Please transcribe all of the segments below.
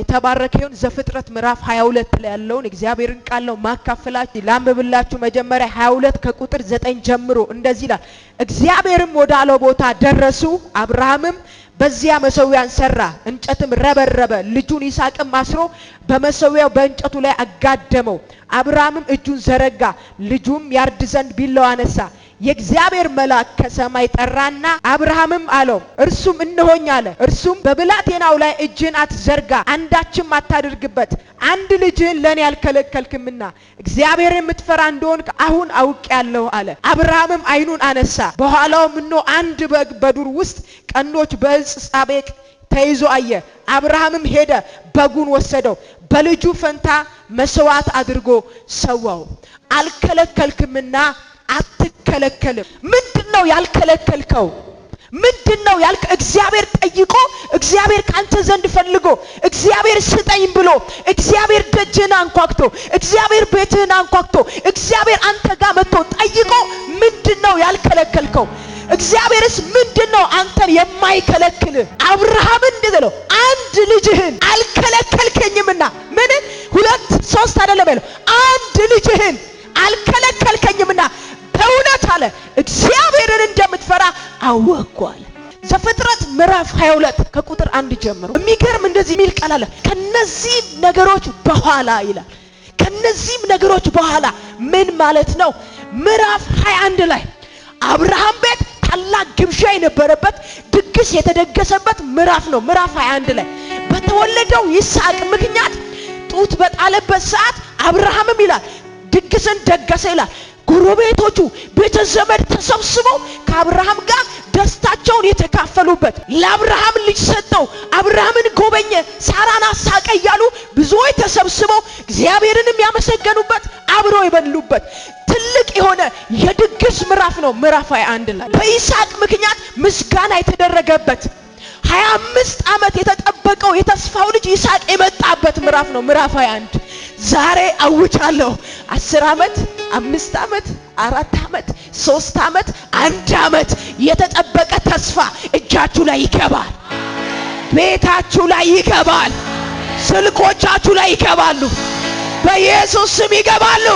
የተባረከ ይሁን። ዘፍጥረት ምዕራፍ 22 ላይ ያለውን እግዚአብሔርን ቃል ነው ማካፈላችሁ። ላንብብላችሁ። መጀመሪያ 22 ከቁጥር 9 ጀምሮ እንደዚህ ይላል። እግዚአብሔርም ወዳለው ቦታ ደረሱ። አብርሃምም በዚያ መሰዊያን ሰራ፣ እንጨትም ረበረበ፣ ልጁን ይስሐቅም አስሮ በመሰዊያው በእንጨቱ ላይ አጋደመው። አብርሃምም እጁን ዘረጋ፣ ልጁም ያርድ ዘንድ ቢላዋ አነሳ። የእግዚአብሔር መልአክ ከሰማይ ጠራና አብርሃምም አለው፣ እርሱም እነሆኝ አለ። እርሱም በብላቴናው ላይ እጅን አትዘርጋ፣ አንዳችም አታድርግበት፣ አንድ ልጅህን ለእኔ አልከለከልክምና እግዚአብሔር የምትፈራ እንደሆንክ አሁን አውቄአለሁ አለ። አብርሃምም ዓይኑን አነሳ፣ በኋላውም እነሆ አንድ በግ በዱር ውስጥ ቀንዶች በዕፀ ሳቤቅ ተይዞ አየ። አብርሃምም ሄደ፣ በጉን ወሰደው፣ በልጁ ፈንታ መስዋዕት አድርጎ ሰዋው። አልከለከልክምና አትከለከልም። ምንድን ነው ያልከለከልከው? ምንድን ነው ያልከ እግዚአብሔር ጠይቆ እግዚአብሔር ካንተ ዘንድ ፈልጎ እግዚአብሔር ስጠኝ ብሎ እግዚአብሔር ደጅህን አንኳክቶ እግዚአብሔር ቤትህን አንኳክቶ እግዚአብሔር አንተ ጋር መጥቶ ጠይቆ ምንድን ነው ያልከለከልከው? እግዚአብሔርስ ምንድን ነው አንተን የማይከለክል? አብርሃም እንደዚህ ነው አንድ ልጅህን አልከለከልከኝምና ምን ሁለት ሶስት አይደለም 22 ከቁጥር አንድ ጀምሮ የሚገርም እንደዚህ የሚል ቃል አለ። ከነዚህ ነገሮች በኋላ ይላል። ከነዚህም ነገሮች በኋላ ምን ማለት ነው? ምዕራፍ 21 ላይ አብርሃም ቤት ታላቅ ግብዣ የነበረበት ድግስ የተደገሰበት ምዕራፍ ነው። ምዕራፍ 21 ላይ በተወለደው ይስሐቅ ምክንያት ጡት በጣለበት ሰዓት አብርሃምም ይላል ድግስን ደገሰ ይላል። ጎረቤቶቹ ቤተ ዘመድ ተሰብስበው ከአብርሃም ጋር ልጃቸውን የተካፈሉበት ለአብርሃም ልጅ ሰጠው፣ አብርሃምን ጎበኘ፣ ሳራን አሳቀ እያሉ ብዙዎች ተሰብስበው እግዚአብሔርንም ያመሰገኑበት አብረው የበሉበት ትልቅ የሆነ የድግስ ምዕራፍ ነው። ምዕራፍ 21 ላይ በይስሐቅ ምክንያት ምስጋና የተደረገበት 25 አምስት ዓመት የተጠበቀው የተስፋው ልጅ ይስሐቅ የመጣበት ምዕራፍ ነው። ምዕራፍ 21 ዛሬ አውቻለሁ። አስር ዓመት አምስት ዓመት አራት ዓመት ሶስት ዓመት አንድ ዓመት የተጠበቀ ተስፋ እጃችሁ ላይ ይገባል። ቤታችሁ ላይ ይገባል። ስልኮቻችሁ ላይ ይገባሉ። በኢየሱስ ስም ይገባሉ።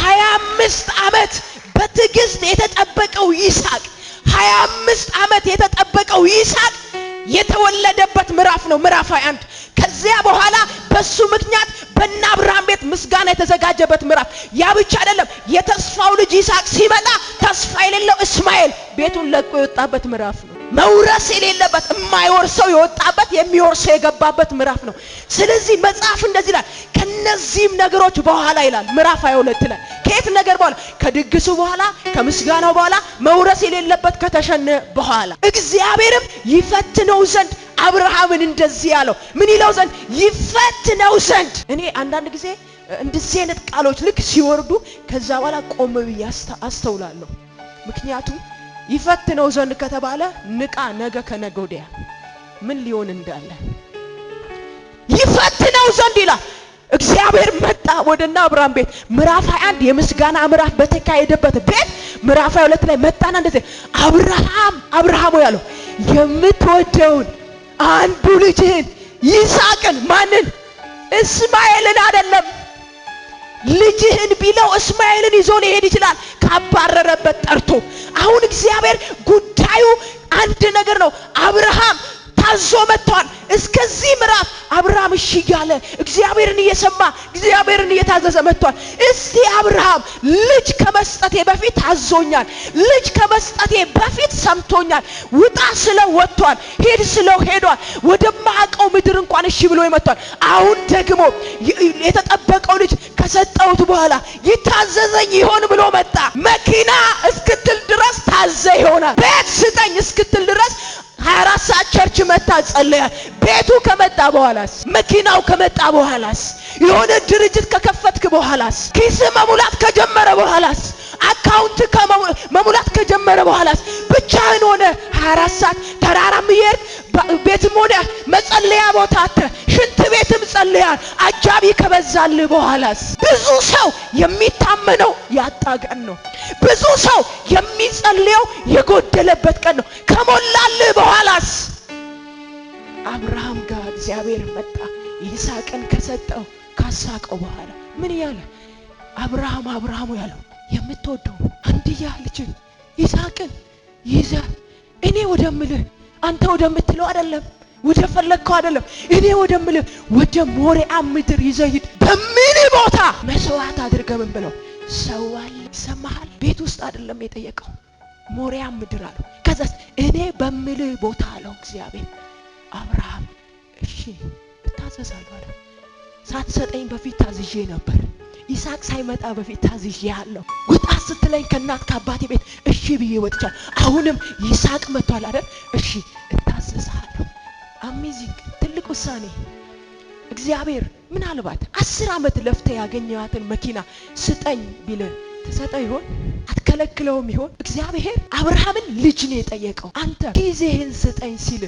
ሀያ አምስት ዓመት በትዕግስት የተጠበቀው ይስሐቅ ሀያ አምስት ዓመት የተጠበቀው ይስሐቅ የተወለደበት ምዕራፍ ነው፣ ምዕራፍ 21 ከዚያ በኋላ በሱ ምክንያት በእነ አብርሃም ምስጋና የተዘጋጀበት ምዕራፍ። ያ ብቻ አይደለም፣ የተስፋው ልጅ ይስሐቅ ሲመጣ ተስፋ የሌለው እስማኤል ቤቱን ለቆ የወጣበት ምዕራፍ ነው። መውረስ የሌለበት የማይወርሰው የወጣበት የሚወርሰው የገባበት ምዕራፍ ነው። ስለዚህ መጽሐፍ እንደዚህ ይላል፣ ከነዚህም ነገሮች በኋላ ይላል ምዕራፍ 22 ላይ ከየት ነገር በኋላ? ከድግሱ በኋላ፣ ከምስጋናው በኋላ፣ መውረስ የሌለበት ከተሸነ በኋላ እግዚአብሔርም ይፈትነው ዘንድ አብርሃምን እንደዚህ ያለው ምን ይለው ዘንድ ይፈትነው ዘንድ እኔ አንዳንድ ጊዜ እንደዚህ አይነት ቃሎች ልክ ሲወርዱ ከዛ በኋላ ቆም ብዬ አስተውላለሁ። ምክንያቱም ይፈትነው ዘንድ ከተባለ ንቃ፣ ነገ ከነገ ወዲያ ምን ሊሆን እንዳለ ይፈትነው ዘንድ ይላል። እግዚአብሔር መጣ ወደና አብርሃም ቤት ምዕራፍ 21 የምስጋና ምዕራፍ በተካሄደበት ቤት ምዕራፍ 22 ላይ መጣና እንደዚህ አብርሃም አብርሃም ያለው የምትወደውን አንዱ ልጅህን ይስሐቅን ማንን እስማኤልን አይደለም ልጅህን ቢለው እስማኤልን ይዞ ሊሄድ ይችላል፣ ካባረረበት ጠርቶ። አሁን እግዚአብሔር ጉዳዩ አንድ ነገር ነው። አብርሃም ታዞ መጥቷል። እስከዚህ ምዕራፍ አብርሃም እሺ እያለ እግዚአብሔርን እየሰማ እግዚአብሔርን እየታዘዘ መጥቷል። እስቲ አብርሃም ልጅ ከመስጠቴ በፊት ታዞኛል፣ ልጅ ከመስጠቴ በፊት ሰምቶኛል። ውጣ ስለው ወጥቷል። ሄድ ስለው ሄዷል። ወደማቀው ምድር እንኳን እሺ ብሎ ይመጥቷል። አሁን ደግሞ የተጠበቀው ልጅ ከሰጠሁት በኋላ ይታዘዘኝ ይሆን ብሎ መጣ። መኪና እስክትል ድረስ ታዘ ይሆናል። ቤት ስጠኝ እስክትል ድረስ 24 ሰዓት ቸርች መታ ጸለያል። ቤቱ ከመጣ በኋላስ፣ መኪናው ከመጣ በኋላስ፣ የሆነ ድርጅት ከከፈትክ በኋላስ፣ ኪስ መሙላት ከጀመረ በኋላስ አካውንት መሙላት ከጀመረ በኋላስ ብቻህን ሆነ 24 ሰዓት ተራራም እየሄድክ ቤትም ሆነ መጸለያ ቦታ አተ ሽንት ቤትም ጸልያል። አጃቢ ከበዛልህ በኋላስ ብዙ ሰው የሚታመነው ያጣ ቀን ነው። ብዙ ሰው የሚጸልየው የጎደለበት ቀን ነው። ከሞላልህ በኋላስ አብርሃም ጋር እግዚአብሔር መጣ። ይስሐቅን ከሰጠው ካሳቀው በኋላ ምን ያለ አብርሃም አብርሃሙ ያለው የምትወዱ አንድያ ልጅን ይስሐቅን ይይዛል። እኔ ወደምልህ አንተ ወደምትለው አይደለም፣ ወደ ፈለግከው አይደለም። እኔ ወደምልህ ወደ ሞሪያ ምድር ይዘህ ሂድ። በምን ቦታ መስዋዕት አድርገህ ምን ብለው ሰዋል። ይሰማሃል? ቤት ውስጥ አይደለም የጠየቀው ሞሪያ ምድር አለው። ከዛስ እኔ በምልህ ቦታ አለው እግዚአብሔር። አብርሃም እሺ እታዘዛለሁ አለ። ሳትሰጠኝ በፊት ታዝዤ ነበር ይስሐቅ ሳይመጣ በፊት ያለው ውጣ ስትለኝ ከእናት ከአባቴ ቤት እሺ ብዬ ወጥቻል። አሁንም ይስሐቅ መጥቷል አይደል? እሺ እታዘዝሃለሁ። አሜዚንግ ትልቅ ውሳኔ። እግዚአብሔር ምናልባት አስር ዓመት ለፍተ ያገኘዋትን መኪና ስጠኝ ቢለ ትሰጠው ይሆን? አትከለክለውም ይሆን? እግዚአብሔር አብርሃምን ልጅ ነው የጠየቀው። አንተ ጊዜህን ስጠኝ ሲል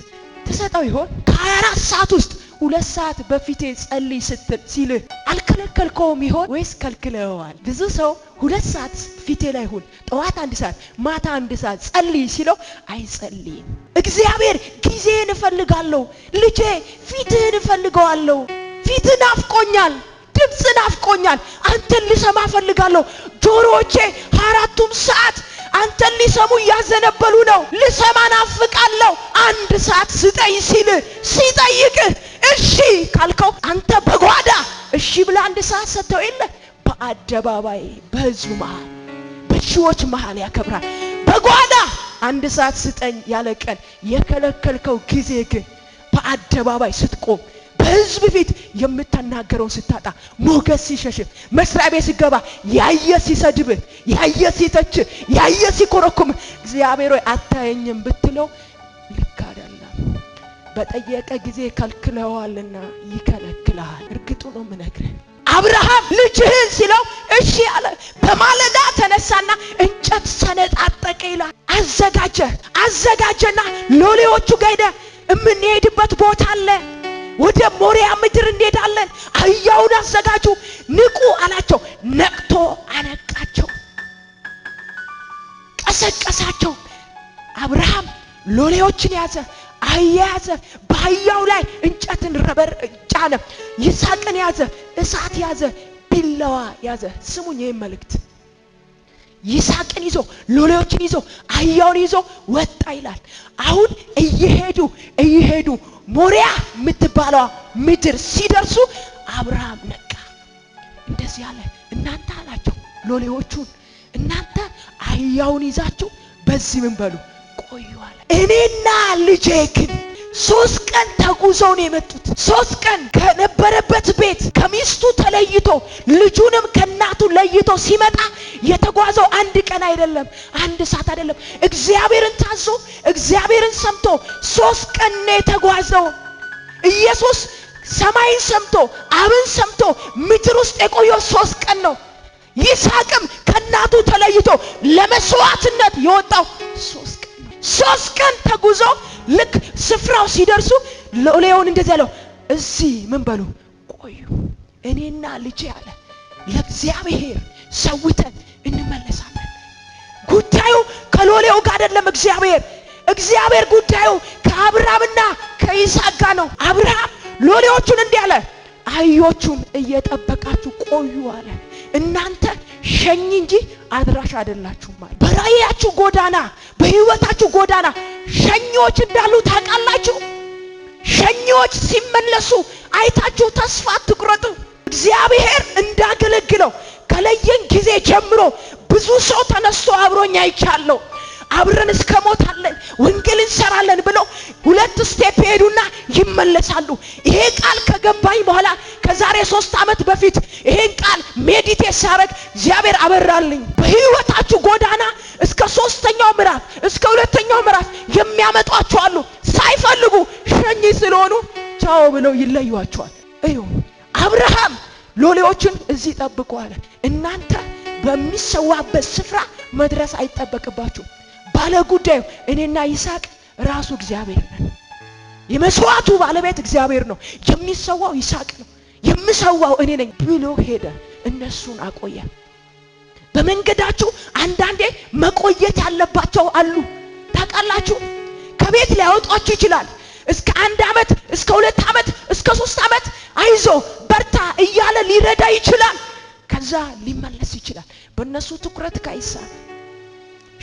ትሰጠው ይሆን? ከ24 ሰዓት ውስጥ ሁለት ሰዓት በፊቴ ጸልይ ስትል ሲል አልከልከውም ይሆን ወይስ ከልክለዋል? ብዙ ሰው ሁለት ሰዓት ፊቴ ላይ ሁን፣ ጠዋት አንድ ሰዓት፣ ማታ አንድ ሰዓት ጸልይ ሲለው አይጸልይም። እግዚአብሔር ጊዜን እፈልጋለሁ፣ ልጄ ፊትህን እፈልገዋለሁ፣ ፊትህ ናፍቆኛል፣ ድምፅ ናፍቆኛል፣ አንተን ልሰማ እፈልጋለሁ። ጆሮዎቼ አራቱም ሰዓት አንተን ሊሰሙ እያዘነበሉ ነው። ልሰማ ናፍቃለሁ፣ አንድ ሰዓት ስጠኝ ሲል ሲጠይቅህ እሺ ካልከው አንተ በጓዳ ሺህ ብለህ አንድ ሰዓት ሰጥተው የለ በአደባባይ በህዝቡ መሃል በሺዎች መሃል ያከብራል። በጓዳ አንድ ሰዓት ስጠኝ ያለ ቀን የከለከልከው ጊዜ ግን በአደባባይ ስትቆም በህዝብ ፊት የምትናገረውን ስታጣ ሞገስ ሲሸሽ መስሪያ ቤት ሲገባ ያየ ሲሰድብህ ያየ ሲተች ያየ ሲኮረኩም እግዚአብሔር ሆይ አታየኝም ብትለው በጠየቀ ጊዜ ከልክለዋልና ይከለክልሃል። እርግጡ ነው ምነግርህ። አብርሃም ልጅህን ሲለው እሺ አለ። በማለዳ ተነሳና እንጨት ሰነጣጠቀ ይላል። አዘጋጀ አዘጋጀና ሎሌዎቹ ጋር ሄደ። የምንሄድበት ቦታ አለ። ወደ ሞሪያ ምድር እንሄዳለን። አህያውን አዘጋጁ፣ ንቁ አላቸው። ነቅቶ አነቃቸው፣ ቀሰቀሳቸው። አብርሃም ሎሌዎችን ያዘ። አያያዘ በአህያው ላይ እንጨትን ረበር ጫነ። ይስሐቅን ያዘ፣ እሳት ያዘ፣ ቢላዋ ያዘ። ስሙኝ ይህም መልእክት ይስሐቅን ይዞ ሎሌዎችን ይዞ አህያውን ይዞ ወጣ ይላል። አሁን እየሄዱ እየሄዱ ሞሪያ የምትባለዋ ምድር ሲደርሱ አብርሃም ነቃ። እንደዚህ አለ፣ እናንተ አላቸው ሎሌዎቹን፣ እናንተ አህያውን ይዛችሁ በዚህ ምን በሉ ቆዩ አለ። እኔና ልጄ ግን ሶስት ቀን ተጉዘው ነው የመጡት። ሶስት ቀን ከነበረበት ቤት ከሚስቱ ተለይቶ ልጁንም ከእናቱ ለይቶ ሲመጣ የተጓዘው አንድ ቀን አይደለም፣ አንድ ሰዓት አይደለም። እግዚአብሔርን ታዞ እግዚአብሔርን ሰምቶ ሶስት ቀን ነው የተጓዘው ኢየሱስ ሰማይን ሰምቶ አብን ሰምቶ ምድር ውስጥ የቆየው ሶስት ቀን ነው። ይስሐቅም ከእናቱ ተለይቶ ለመስዋዕትነት የወጣው ሶስት ቀን ተጉዞ ልክ ስፍራው ሲደርሱ ሎሌውን እንደዚህ ያለው እዚህ ምን በሉ ቆዩ እኔና ልጄ አለ ለእግዚአብሔር ሰውተን እንመለሳለን ጉዳዩ ከሎሌው ጋር አይደለም እግዚአብሔር እግዚአብሔር ጉዳዩ ከአብርሃምና ከይስሐቅ ጋር ነው አብርሃም ሎሌዎቹን እንዲህ አለ አህዮቹን እየጠበቃችሁ ቆዩ አለ እናንተ ሸኝ እንጂ አድራሽ አይደላችሁም አለ በራእያችሁ ጎዳና በህይወታችሁ ጎዳና ሸኞች እንዳሉ ታውቃላችሁ። ሸኞች ሲመለሱ አይታችሁ ተስፋ አትቁረጡ። እግዚአብሔር እንዳገለግለው ከለየን ጊዜ ጀምሮ ብዙ ሰው ተነስቶ አብሮኝ አይቻለሁ። አብረን እስከ ሞት አለን ወንጌል እንሰራለን ብለው ሁለት ስቴፕ ይሄዱና ይመለሳሉ። ይሄ ቃል ከገባኝ በኋላ ከዛሬ ሶስት ዓመት በፊት ይሄን ቃል ሜዲቴት ሳረግ እግዚአብሔር አበራልኝ። በህይወታችሁ ጎዳና እስከ ሶስተኛው ምዕራፍ እስከ ሁለተኛው ምዕራፍ የሚያመጧችሁ አሉ። ሳይፈልጉ ሸኝ ስለሆኑ ቻው ብለው ይለዩዋቸዋል። እዩ አብርሃም ሎሌዎችን እዚህ አለ። እናንተ በሚሰዋበት ስፍራ መድረስ አይጠበቅባችሁም። ባለ ጉዳዩ እኔና ይስሐቅ ራሱ እግዚአብሔር ነን። የመስዋዕቱ ባለቤት እግዚአብሔር ነው። የሚሰዋው ይስሐቅ ነው። የምሰዋው እኔ ነኝ ብሎ ሄደ። እነሱን አቆየ። በመንገዳችሁ አንዳንዴ መቆየት ያለባቸው አሉ። ታውቃላችሁ፣ ከቤት ሊያወጧችሁ ይችላል። እስከ አንድ ዓመት፣ እስከ ሁለት ዓመት፣ እስከ ሶስት ዓመት አይዞ በርታ እያለ ሊረዳ ይችላል። ከዛ ሊመለስ ይችላል። በእነሱ ትኩረት ካይሳ።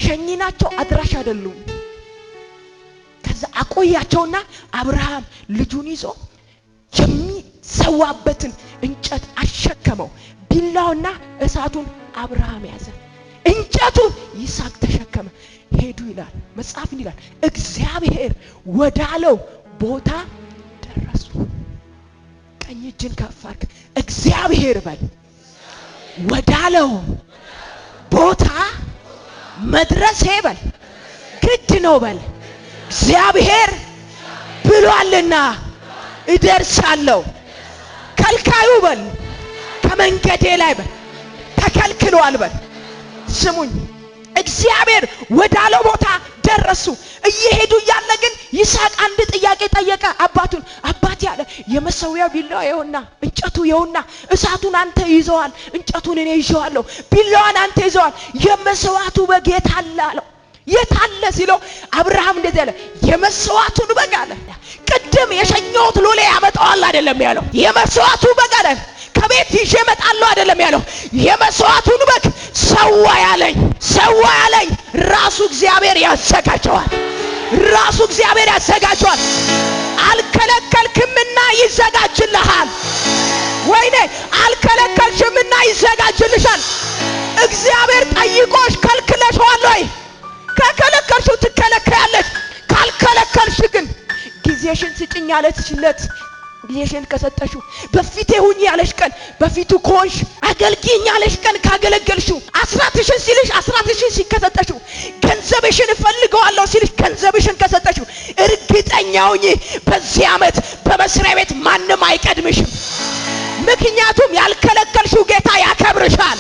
ሸኝናቸው አድራሽ አይደሉም። ከዛ አቆያቸውና አብርሃም ልጁን ይዞ የሚሰዋበትን እንጨት አሸከመው። ቢላውና እሳቱን አብርሃም ያዘ፣ እንጨቱን ይስሐቅ ተሸከመ። ሄዱ ይላል መጽሐፍን ይላል እግዚአብሔር ወዳለው ቦታ ደረሱ። ቀኝ እጅን ከፍ አድርግ እግዚአብሔር በል ወዳለው ቦታ መድረሴ በል ግድ ነው በል እግዚአብሔር ብሏልና እደርሳለሁ። ከልካዩ በል ከመንገዴ ላይ በል ተከልክሏል በል ስሙኝ እግዚአብሔር ወዳለው ቦታ ደረሱ። እየሄዱ እያለ ግን ይስሐቅ አንድ ጥያቄ ጠየቀ። የመሰዊያው ቢላዋ ይኸውና፣ እንጨቱ ይኸውና፣ እሳቱን አንተ ይዘዋል፣ እንጨቱን እኔ ይዤዋለሁ፣ ቢላዋን አንተ ይዘዋል፣ የመሰዋቱ በግ የት አለ አለው። የት አለ ሲለው አብርሃም እንደዚህ አለ፣ የመሰዋቱን በግ አለ ቅድም የሸኘሁት ሎሌ ያመጣዋል አይደለም ያለው፣ የመስዋዕቱ በግ አለ ከቤት ይዤ እመጣለሁ አይደለም ያለው፣ የመስዋዕቱን በግ ሰዋ ያለኝ ሰዋ ያለኝ ራሱ እግዚአብሔር ያዘጋጀዋል። ራሱ እግዚአብሔር ያዘጋጇል። አልከለከልክምና ይዘጋጅልሃል። ወይኔ አልከለከልሽምና ይዘጋጅልሻል። እግዚአብሔር ጠይቆሽ ከልክለሽዋል ወይ? ከከለከልሽው ትከለከያለሽ። ካልከለከልሽ ግን ጊዜሽን ስጭኝ ያለችለት ጊዜሽን ከሰጠሽው በፊቴ ሁኝ ያለሽ ቀን በፊቱ ከሆንሽ አገልግኝ ያለሽ ቀን ካገለገልሽው አስራትሽን ሲልሽ አስራትሽን ከሰጠሽው ገንዘብሽን እፈልገዋለሁ ሲልሽ ገንዘብሽን ከሰጠሽው እርግጠኛ ሁኝ በዚህ ዓመት በመስሪያ ቤት ማንም አይቀድምሽም። ምክንያቱም ያልከለከልሽው ጌታ ያከብርሻል።